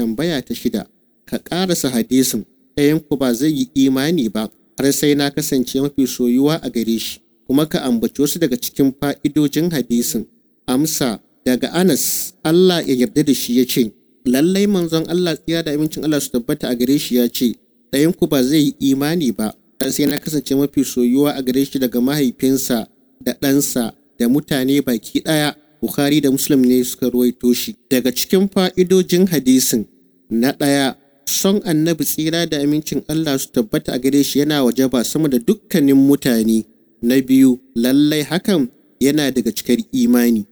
Tambaya ta shida, ka ƙarasa hadisin, ɗayanku ba zai yi imani ba har sai na kasance mafi soyuwa a gare shi, kuma ka ambaci wasu daga cikin fa'idojin hadisin. Amsa daga Anas, Allah ya yarda da shi ya ce, Lallai manzon Allah tsiya da amincin Allah su tabbata a gare shi ya ce, ɗayanku ba zai yi imani ba, Har sai na kasance mafi soyuwa a gare shi daga mahaifinsa da ɗansa da mutane baki ɗaya Bukhari da Muslim ne suka ruwaito shi. Daga cikin fa'idojin hadisin Na ɗaya, son annabi tsira da amincin Allah su tabbata a gare shi yana waje ba sama da dukkanin mutane. Na biyu, lallai hakan yana daga cikar imani.